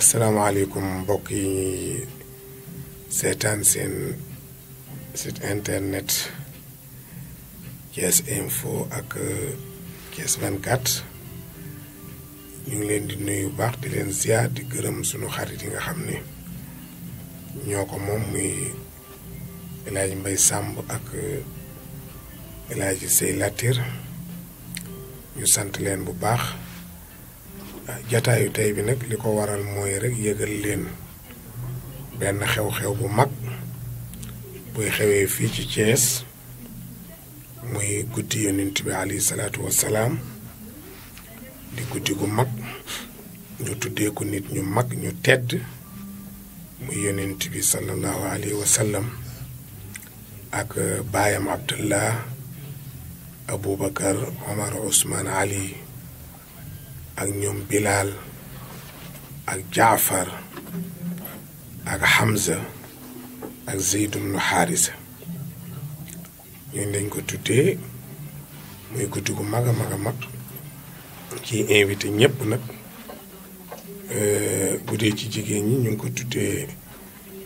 asalaamaaleykum mbokk yi ñuy seetaan seen site internet Thiès Info ak euh, Thiès 24 ñu ngi leen di nuyu baax di leen ziar di gërëm sunu xarit yi nga xam ni ñoo ko moom muy El Hadj Mbaye ak euh, El Hadj Sey Latir ñu sant leen bu baax. jataayu tey bi nag li ko waral mooy rek yëgal leen benn xew-xew bu mag buy xewee fii ci Thiès muy guddi yonent bi alayhi salaatu wassalaam di guddi gu mag ñu tuddee ko nit ñu mag ñu tedd muy yonent bi sallallahu alayhi wa ak baayam abdullah aboubacar omar ousmane ali ak ñoom Bilal ak Jaafar ak Hamza ak Zeyd ibnu Haarisa ñooñu dañ ko tuddee muy guddi gu mag a mag a mag ciy invité ñëpp nag euh, bu dee ci jigéen ñi ñu ngi ko tuddee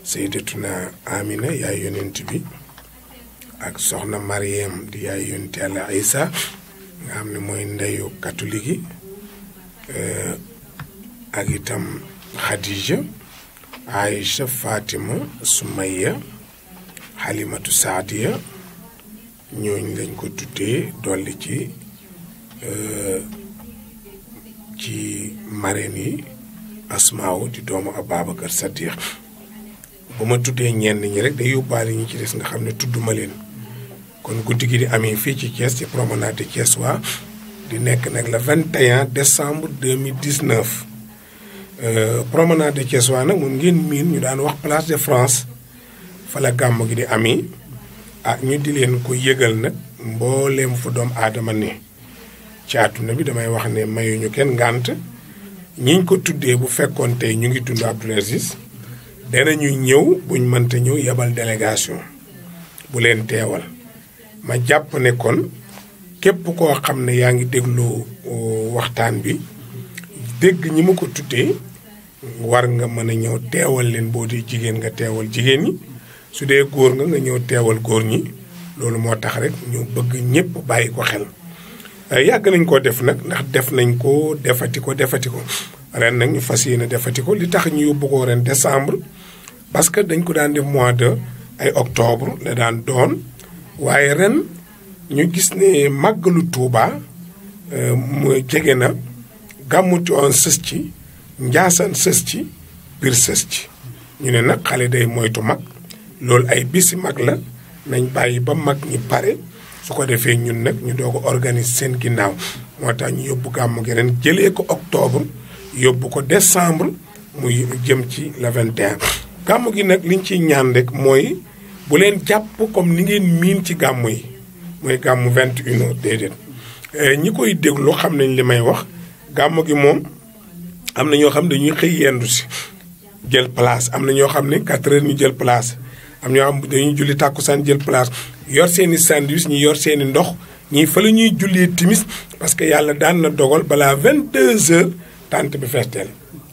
Seydatuna Amina yaay yonent bi ak soxna Mariam di yaay yonent Yàlla Isa nga xam ne mooy ndeyu catholique Euh, ak itam Khadija Aïcha Fatima Sumaya Halimatu Saadiya ñooñ lañ ko tuddee dolli ci euh, ci marraine yi Asmaaw di doomu Ababacar Saddiq bu ma tuddee ñenn ñi rek day yóbbaale ñi ci des nga xam ne tudduma leen kon guddi gi di amee fii ci cees ci promenade de Thiès waa di nekk nag le 21 décembre 2019 euh, promenade de Thiès nag moom ngeen miin ñu daan wax place de France fa la gàmmu gi di amee ah ñu di leen ko yëgal nag mbooleem fu doom aadama ne ci àdduna bi damay wax ne mayuñu kenn ngànt ñiñ ko tuddee bu fekkoon tey ñu ngi dund Abdoul Aziz danañu ñëw buñ mënta ñëw yebal délégation bu leen teewal ma jàpp nekkoon képp koo xam ne yaa ngi déglu waxtaan bi dégg ñi ma ko tuddee war nga mën a ñëw teewal leen boo dee jigéen nga teewal jigéen ñi su dee góor nga nga ñëw teewal góor ñi loolu moo tax rek ñu bëgg ñëpp bàyyi ko xel euh, yàgg nañ koo def nag ndax def nañ ko defati ko defati ko ren nag ñu fas yéene defati ko li tax ñu yóbbu ko ren décembre parce que dañ ko daan def mois de ay octobre la daan doon waaye ren ñu gis ne màggalu Tuuba euh, mu jege na gàmmu Tiwaawan sës ci njaasaan sës ci biir sës ci ñu ne nag xale day moytu mag loolu ay bisi mag la nañ bàyyi ba mag ñi pare su ko defee ñun nag ñu doo ko organise seen ginnaaw moo tax ñu yóbbu gàmmu gi ren jëlee ko octobre yóbbu ko décembre muy jëm ci le 21. gàmmu gi nag liñ ciy ñaan rek mooy bu leen jàpp comme ni ngeen miin ci gàmmu yi. mooy gàmmu vingt une heure déedéet euh, ñi koy déglu xam nañ li may wax gàmmu gi moom am na ñoo xam ne dañuy xëy yendu si jël place am na ñoo xam ne quatre heures ñu jël place am ñoo xam dañuy julli tàkkusaan jël place yor seen i sandwich ñi yor seen i ndox ñii fa la ñuy jullee timis parce que yàlla daan na dogal balaa vingt deux heures tànt bi feesteel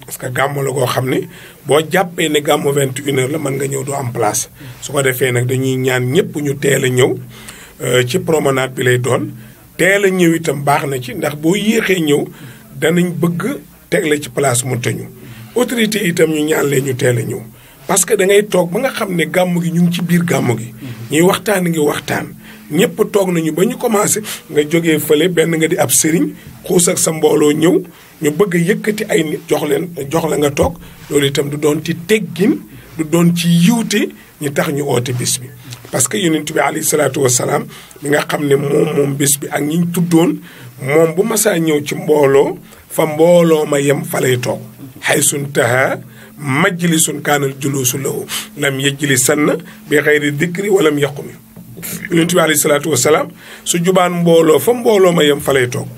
parce que gàmmu la koo xam ne boo jàppee ne gàmmu vingt une heure la mën nga ñëw doo am place su ko defee nag dañuy ñaan ñëpp ñu teel a ñëw Euh, ci promenade bi lay doon teel a ñëw itam baax na ci ndax boo yéexee ñëw danañ bëgg teg la ci place mu tañu autorité itam ñu ñaan leen ñu teel a ñëw parce que da ngay toog ba nga xam ne gàmm gi ñu ngi ci biir gàmmu gi ñuy waxtaan ngi waxtaan ñëpp toog nañu ba ñu commencé nga jógee fële benn nga di ab sëriñ xuus ak sa mbooloo ñëw ñu bëgg a yëkkati ay nit jox leen jox la nga toog loolu itam du doon ci teggin du doon ci yiwte ñu tax ñu oote bis bi parce que yonent bi alayhi salaatu wasalaam mi nga xam ne moom moom bés bi ak ñi ñu tuddoon moom bu masaa ñëw ci mbooloo fa mbooloo ma yem fa lay toog xay sun taha majlisun kaanal juluusu lahu lam yajlisanna bi xayri dikri walam yaqumi yonent bi alayhi salaatu wasalaam su jubaan mbooloo fa mbooloo ma yem fa lay toog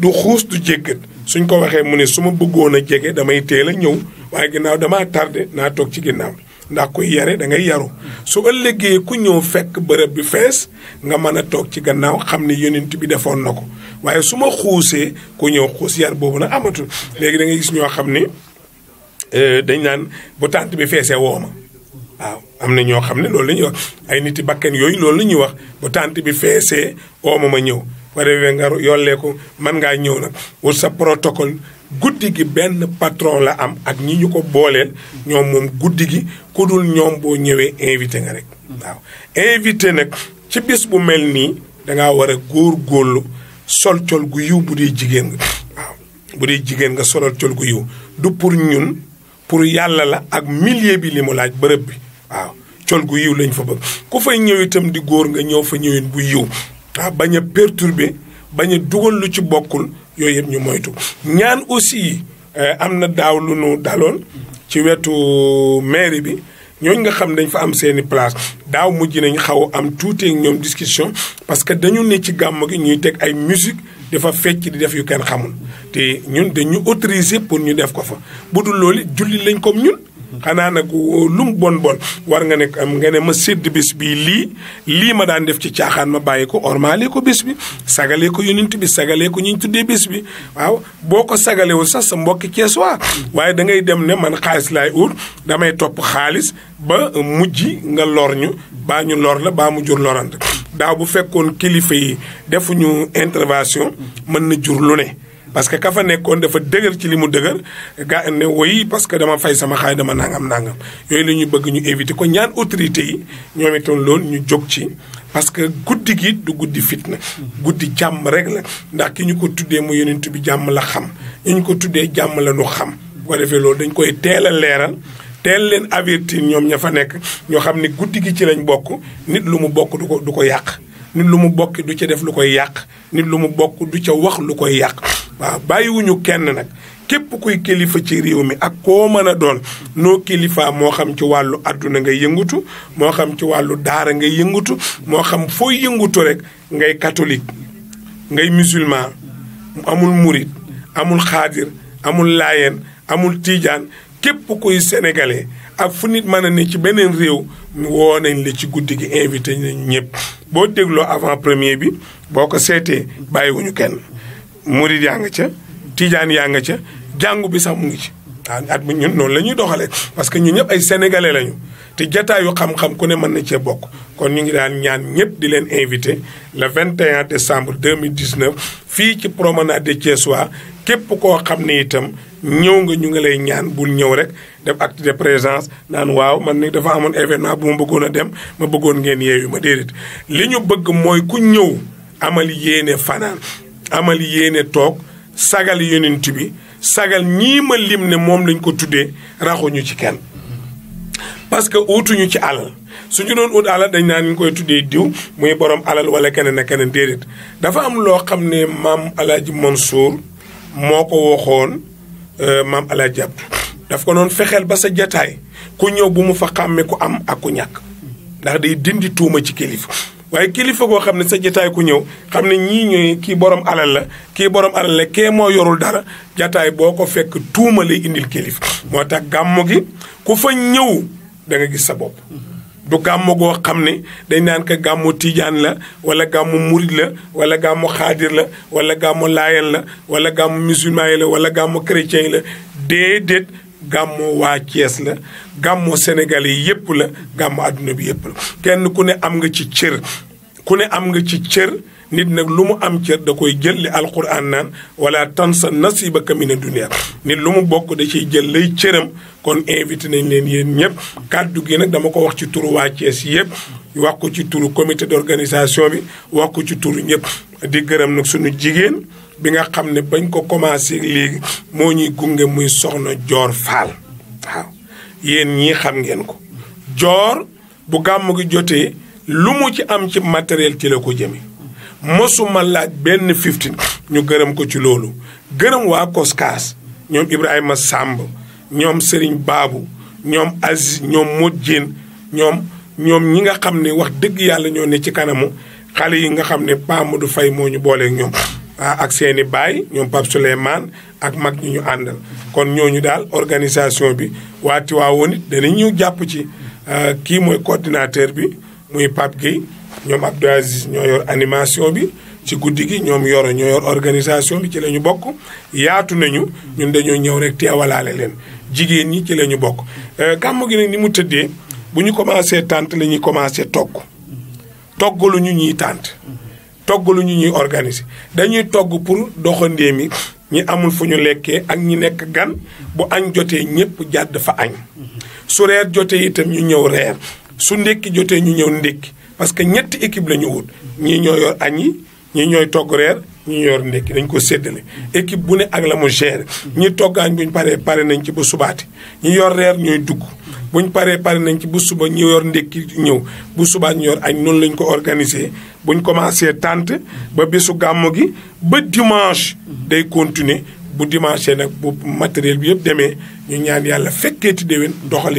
du xuus du jéggat suñ ko waxee mu ne su ma bëggoon a jege damay teel a ñëw waaye ginnaaw damaa tardé naa toog ci ginnaaw ndax kuy yare da ngay yaru su ëllëgee ku ñëw fekk bërëb bi fees nga mën a toog ci gannaaw xam ne yonent bi defoon na ko waaye su ma xuusee ku ñëw xuus yar boobu nag amatul léegi da ngay gis ñoo xam ni euh, dañ naan bu tànt bi feesee woo ma waaw am na ñoo xam ne loolu la ñuy wax ay nit niti bakken yooyu loolu la ñuy wax bu tànt bi feesee woo ma ma ñëw pare nga yollee ko mën ngaa ñëw nag wut sa protocole guddi gi benn patron la am ak ñi ñu ko booleel ñoom moom guddi gi ku ñoom boo ñëwee invité nga rek waaw invité nag ci bis bu mel nii dangaa war a góor góorlu sol col gu yiw bu dee jigéen bu dee jigéen nga solal col gu yiw du pour ñun pour yàlla la ak milieu bi li mu laaj bërëb bi waaw col gu yiw lañ fa bëgg ku fay ñëw itam di góor nga ñëw fa ñëwin bu yiw tax bañ a perturber bañ a dugal lu ci bokkul yooyu yëpp ñu moytu ñaan aussi euh, am na daaw lu nu daloon ci wetu mairie bi ñooñ nga xam dañ fa am seeni place daaw mujj nañ xaw am tuuti ak ñoom discussion parce que dañu ne ci gàmm gi ñuy teg ay musique dafa fecc di def yu kenn xamul te ñun dañu autoriser pour ñu def ko fa bu dul loolu julli lañ comme ñun xanaa nag lum bon bon war nga ne nga ne ma sédd bis bi lii lii ma daan def ci caaxaan ma bàyyi ko ormaale ko bis bi sagalee ko yonent bi sagalee ko ñu ñu tuddee bis bi waaw boo ko sagalewul sax sa mbokki Cees waa waaye da ngay dem ne man xaalis laay ut damay topp xaalis ba mujj nga lor ñu baa ñu lor la baa mu jur lorante daaw bu fekkoon kilifa yi defuñu intervention mën na jur ne parce que ka fa nekkoon dafa dëgër ci li mu dëgër ga ne woyi parce que dama fay sama xaay dama nangam nangam yooyu la ñu bëgg ñu éviter ko ñaan autorité yi ñoom itam loolu ñu jóg ci parce que guddi gi du guddi fitna guddi jàmm rek la ndax ki ñu ko tuddee mu yonent bi jàmm la xam ñu ñu ko tuddee jàmm la ñu xam bu ko defee loolu dañ koy teel a leeral teel leen avertir ñoom ña fa nekk ñoo xam ni guddi gi ci lañ bokk nit lu mu bokk du ko du ko yàq nit lu mu bokk du ca def lu koy yàq nit lu mu bokk du ca wax lu koy yàq waaw bàyyiwuñu kenn nag képp kuy kilifa ci réew mi ak koo mën a doon noo kilifa moo xam ci wàllu àdduna ngay yëngutu moo xam ci wàllu daara ngay yëngutu moo xam foo yëngutu rek ngay katolik ngay musulman amul murit amul xaadir amul laayeen amul tiijaan képp koy sénégalais ak fu nit mën a ne ci beneen réew woo nañ la ci guddi gi invité nañ ñëpp boo dégloo avant premier bi boo ko seetee bàyyiwuñu kenn murit yaa nga ca tijaan yaa nga ca jàngu bi sax mu ngi ci waaw at mi ñun noonu la ñuy doxalee parce que ñun ñëpp ay sénégalais lañu te jataayu xam-xam ku ne mën na cee bokk kon ñu ngi daal ñaan ñëpp di leen invité le 21 décembre 2019 fii ci promenade de Thiessois képp ko xam ne itam ñëw nga ñu ngi lay ñaan bul ñëw rek def acte de présence naan waaw man ni dafa amoon événement bu ma bëggoon a dem ma bëggoon ngeen yeewu ma déedéet li ñu bëgg mooy ku ñëw amal yéene fanaan amal yéene toog sagal yonent bi sagal ñii ma lim ne moom lañ ko tuddee raxuñu ci kenn parce que uutuñu ci alal suñu noon ut alal dañ naan ñu koy tuddee diw muy borom alal wala keneen ak keneen déedéet dafa am loo xam ne maam Alaaji Mansour moo ko waxoon euh, maam Alaaji Abdu daf ko noon fexeel ba sa jataay ku ñëw bu mu fa xàmmee ku am ak ku ñàkk ndax day dindi tuuma ci kilifa waaye kilifa goo xam ne sa jataay ku ñëw xam ne ñii ñooy kii borom alal la kii borom alal la kee moo yorul dara jataay boo ko fekk tuuma lay indil kilifa. moo tax gàmmu gi ku fa ñëw danga gis sa bopp. du gàmmu goo xam ne dañ naan ko gàmmu tiijaan la wala gàmmu murit la wala gàmmu xaadir la wala gàmmu laayan la wala gàmmu musulman yi la wala gàmmu chrétien la déedéet. gàmmoo waa Thiès la gàmmoo sénégalais yépp la gàmmu àdduna bi yépp la kenn ku ne am nga ci cër ku ne am nga ci cër nit nag lu mu am cër da koy jël li alquran naan wala tansa nasibaka mina dunya nit lu mu bokk da ci jël lay cëram kon invité nañ leen yéen ñëpp kàddu gi nag dama ko wax ci turu waa Thiès yépp wax ko ci turu comité d'organisation bi wax ci turu ñëpp di gërëm nag suñu jigéen bi nga xam ne bañ koo commencé léegi moo ñuy gunge muy soxna joor faal waaw yéen ñii xam ngeen ko joor bu gàmm gi jotee lu mu ci am ci matériel ci la ko jëme mosuma laaj benn fifteen ñu gërëm ko ci loolu gërëm waa koskaas ñoom ibrahima sàmb ñoom sëriñ baabu ñoom aziz ñoom mot jéen ñoom ñoom ñi nga xam ne wax dëgg yàlla ñoo ne ci kanamu xale yi nga xam ne Pa du fay moo ñu booleek ñoom ak seeni baay ñoom Pape Souleymane ak mag ñi ñu àndal kon ñooñu daal organisation bi waa Tiwaawoon it danañ ñu jàpp ci euh, kii mooy coordinateur bi muy Pape Gueye ñoom Abdou Aziz ñoo yor animation bi ci guddi gi ñoom yoro ñoo yor organisation bi ci la ñu bokk yaatu nañu ñun dañoo ñëw rek teewalaale leen jigéen ñi ci la ñu bokk euh, gàmmu gi nag ni mu tëddee bu ñu commencé tànt la ñuy commencé togg ñu ñuy tànt togg lu ñu ñuy organiser dañuy togg pour doxandéem yi ñi amul fu ñu lekkee ak ñi nekk gan bu añ jotee ñëpp jàdd fa añ su reer jotee itam ñu ñëw reer su ndékki jotee ñu ñëw ndékki parce que ñetti équipe la ñu wut ñii ñoo yor añ yi ñii ñooy togg reer ñii yor ndékki dañ ko séddale équipe bu ne ak la mu gérer ñi togg añ buñ paree pare nañ ci ba subaati ñi yor reer ñooy dugg bu ñu paree pare nañ ci bu suba ñu yor ndékki ñëw bu subaa ñu yor añ noonu lañ ko organiser buñ commencé tànt ba bésu gàmmu gi ba dimanche day continuer bu dimanche nag bu matériel bi yëpp demee ñu ñaan yàlla fekkee fekkeeti déwén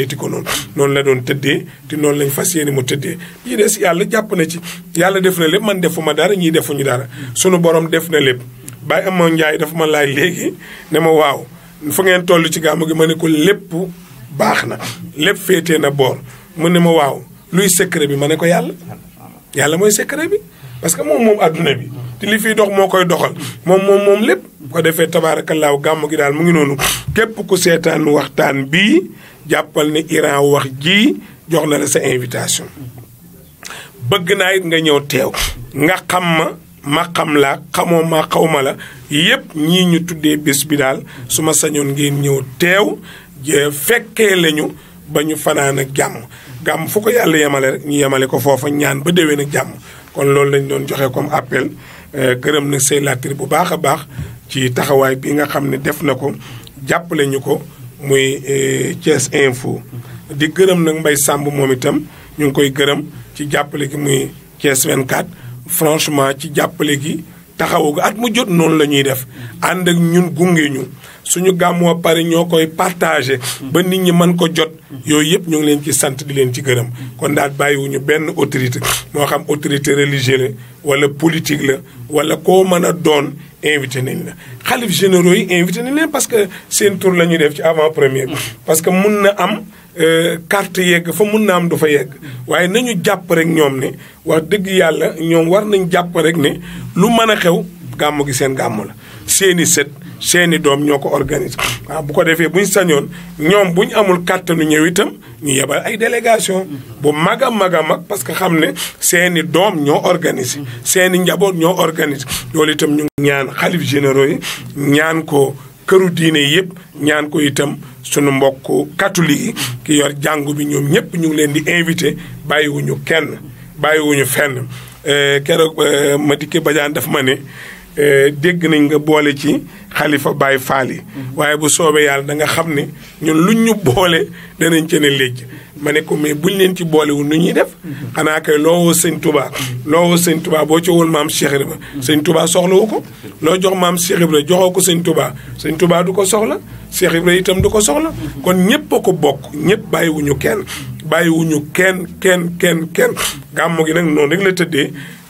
ti ko noonu noonu la doon tëddee te noonu lañ fas yéene mu tëddee bii des yàlla jàpp na ci yàlla def na lépp man defuma dara ñii defuñu dara sunu borom def na lépp Baye Amon Ndiaye dafa ma laaj léegi ne ma waaw fu ngeen toll ci gàmmu gi ma ne ko lépp baax na lépp féetee na boor mu ne ma waaw luy secret bi ma ne ko yàlla yàlla mooy secret bi parce que moom moom adduna bi te li dox moo koy doxal moom moom moom lépp ko defee tabaarakallaahu gàmm gi daal mu ngi noonu képp ku seetaan waxtaan bii jàppal ni Iran wax ji jox na la sa invitation bëgg naa it nga ñëw teew nga xam ma ma xam laa xamoo ma xaw ma la yépp ñii ñu tuddee bés bi daal su ma sañoon ngeen ñëw teew fekkee lañu ba ñu fanaan ak jàmm gàmm fu ko yàlla yemale rek ñu yemale ko foofa ñaan ba déwén ak jàmm kon loolu lañ doon joxe comme appel euh, gërëm nag say latir bu baax a baax ci taxawaay bi nga xam ne def na ko jàppale ñu ko muy euh, Thiès Info di gërëm nag Mbaye Samb moom itam ñu ngi koy gërëm ci jàppale gi muy Thiès 24 franchement ci jàppale gi taxawu at mu jot noonu la ñuy def ànd ak ñun gunge ñu suñu gàmmoo pare ñoo koy partagé ba nit ñi mën ko jot yooyu yëpp ñoo ngi leen ci sant di leen ci gërëm kon daal bàyyiwuñu benn autorité moo xam autorité religieuse la wala politique la wala koo mën a doon invité nañ la xalif généraux yi invité nañ leen parce que seen tour la ñuy def ci avant première parce que mun na am euh, carte yegg fa mun na am du fa yegg waaye nañu jàpp rek ñoom ne wax dëgg yàlla ñoom war nañ jàpp rek ne lu mën a xew gàmmu gi seen gàmmu seeni sët seeni doom ñoo ko organise waaw bu ko defee buñ sañoon ñoom buñ amul kàttanu ñëw itam ñu yebal ay délégation bu mag a mag a mag parce que xam ne seeni doom ñoo organise seeni njaboot ñoo organise loolu itam ñu ñaan xalif généraux yi ñaan ko këru diine yëpp ñaan ko itam sunu mbokk catholique yi ki yor jàngu bi ñoom ñëpp ñu ngi leen di invité bàyyiwuñu kenn bàyyiwuñu fenn eh, keroog eh, Madické Badiane daf ma ne Eh, dégg nañ nga boole ci xalifa Baye Fall waaye bu soobee yàlla danga xam ni ñun luñ ñu boole danañ ci ne léegi ma ne ko mais buñ leen ci boolewul nu ñuy def xanaa kay loo woo sëñ Touba loo woo sëñ Touba boo ci woon maam Cheikh Ibra sëñ Touba soxlawu ko loo jox maam Cheikh Ibra joxoo ko sëñ tubaa sëñ Touba du ko soxla Cheikh Ibra itam du ko soxla kon ñëpp ko bokk ñëpp bàyyiwuñu kenn bàyyiwuñu kenn kenn kenn kenn gàmmu gi nag noonu rek la tëddee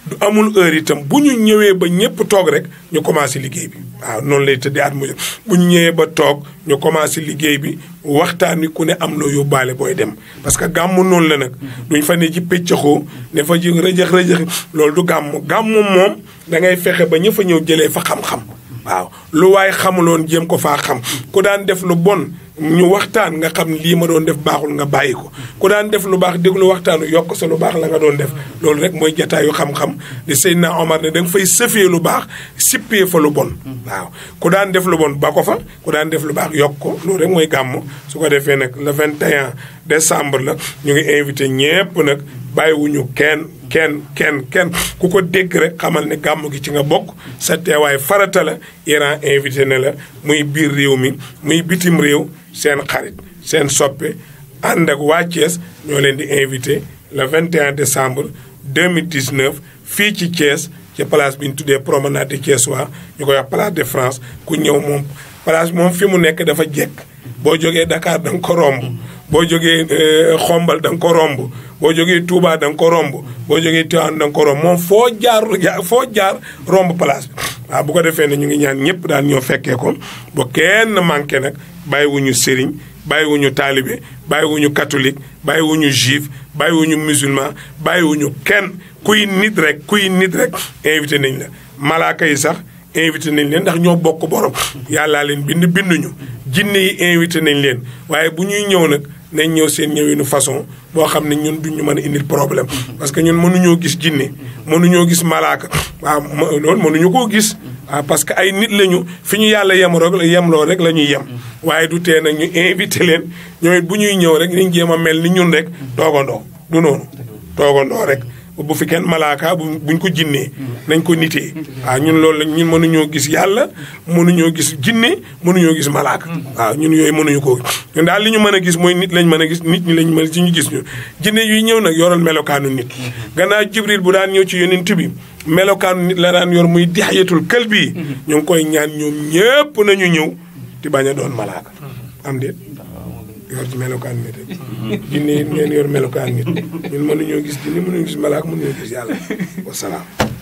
du amul heure itam bu ñu ñëwee ba ñëpp toog rek ñu commencé liggéey bi waaw noonu lay tëddee at mu jot bu ñu ñëwee ba toog ñu commencé liggéey bi waxtaan ku ne am loo yóbbaale booy dem. parce que gàmmu noonu la nag. duñ fa ne ci pëccëxoo ne fa ji rëjëx rëjëx loolu du gàmmu gàmm moom dangay fexe ba ña fa ñëw jëlee fa xam-xam. waaw lu waaye xamuloon jéem ko faa xam ku daan def lu bon ñu waxtaan nga xam lii ma doon def baaxul nga bàyyi ko ku daan def lu baax déglu waxtaanu yokk sa lu baax la nga doon def loolu rek mooy jataayu xam-xam di Seydina Omar ne da nga fay sëfee lu baax sippee fa lu bon waaw ku daan def lu bon ba ko fa ku daan def lu baax yokk ko loolu rek mooy gàmmu su ko defee nag le 21 décembre la ñu ngi invité ñépp nag bàyyiwuñu kenn kenn kenn kenn ku ko dégg rek xamal ne gàmmu gi ci nga bokk sa teewaay farata la Iran invité ne la muy biir réew mi muy bitim réew seen xarit seen soppe ànd ak waa Thiès ñoo leen di invité le 21 décembre 2019 fii ci Thiès ci place bi ñu tuddee promenade de Thiès waa ñu koy wax place de France ku ñëw moom place moom fi mu nekk dafa jekk boo jogee dakaar dang ko romb boo jogee euh, xombal da nga ko romb boo jógee Touba da nga ko romb boo jógee Tiwaan da nga ko romb moom foo jaar romb place bi waaw bu ko defee ne ñu ngi ñaan ñëpp daal ñoo fekkee ko ba kenn manqué nag bàyyiwuñu sëriñ bàyyiwuñu taalibe bàyyiwuñu catholique ñu juif bàyyiwuñu musulman bàyyiwuñu kenn kuy nit rek kuy nit rek invité nañ la malaaka yi sax invité nañ leen ndax ñoo bokk borom yàllaa leen bind binduñu jinne yi invité nañ leen waaye bu ñuy ñëw nag nañ ñëw seen ñëwinu façon boo xam ne ñun duñu mën a indil problème parce que ñun mënuñoo gis jinne mënuñoo gis malaak waaw loolu mënuñu koo gis waaw parce que ay nit lañu fi ñu yàlla yem rek yemloo rek la ñuy yem waaye du tee nag ñu invité leen ñooy bu ñuy ñëw rek niñ jéem a mel ni ñun rek toogandoo du noonu toogandoo rek bu fi kenn malaaka buñ ko jinnee nañ ko nitee waaw ñun loolu la ñun mënuñoo gis yàlla mënuñoo gis jinne mënuñoo gis malaaka waaw ñun yooyu mënuñu koo ñun daal li ñu mën a gis mooy nit lañ mën a gis nit ñi lañ mën ci ñu gis ñu jinne yuy ñëw nag yoral melokaan nit gannaaw jibril bu daan ñëw ci yonent bi melokaan nit la daan yor muy dixyatul kël bii ñu ngi koy ñaan ñoom ñëpp nañu ñëw di bañ doon malaaka yor melokaan nit rek. jinne yor melokaan nit ñun mënuñoo gis jinne mënuñoo gis malaak mënuñoo gis yàlla wasalaam.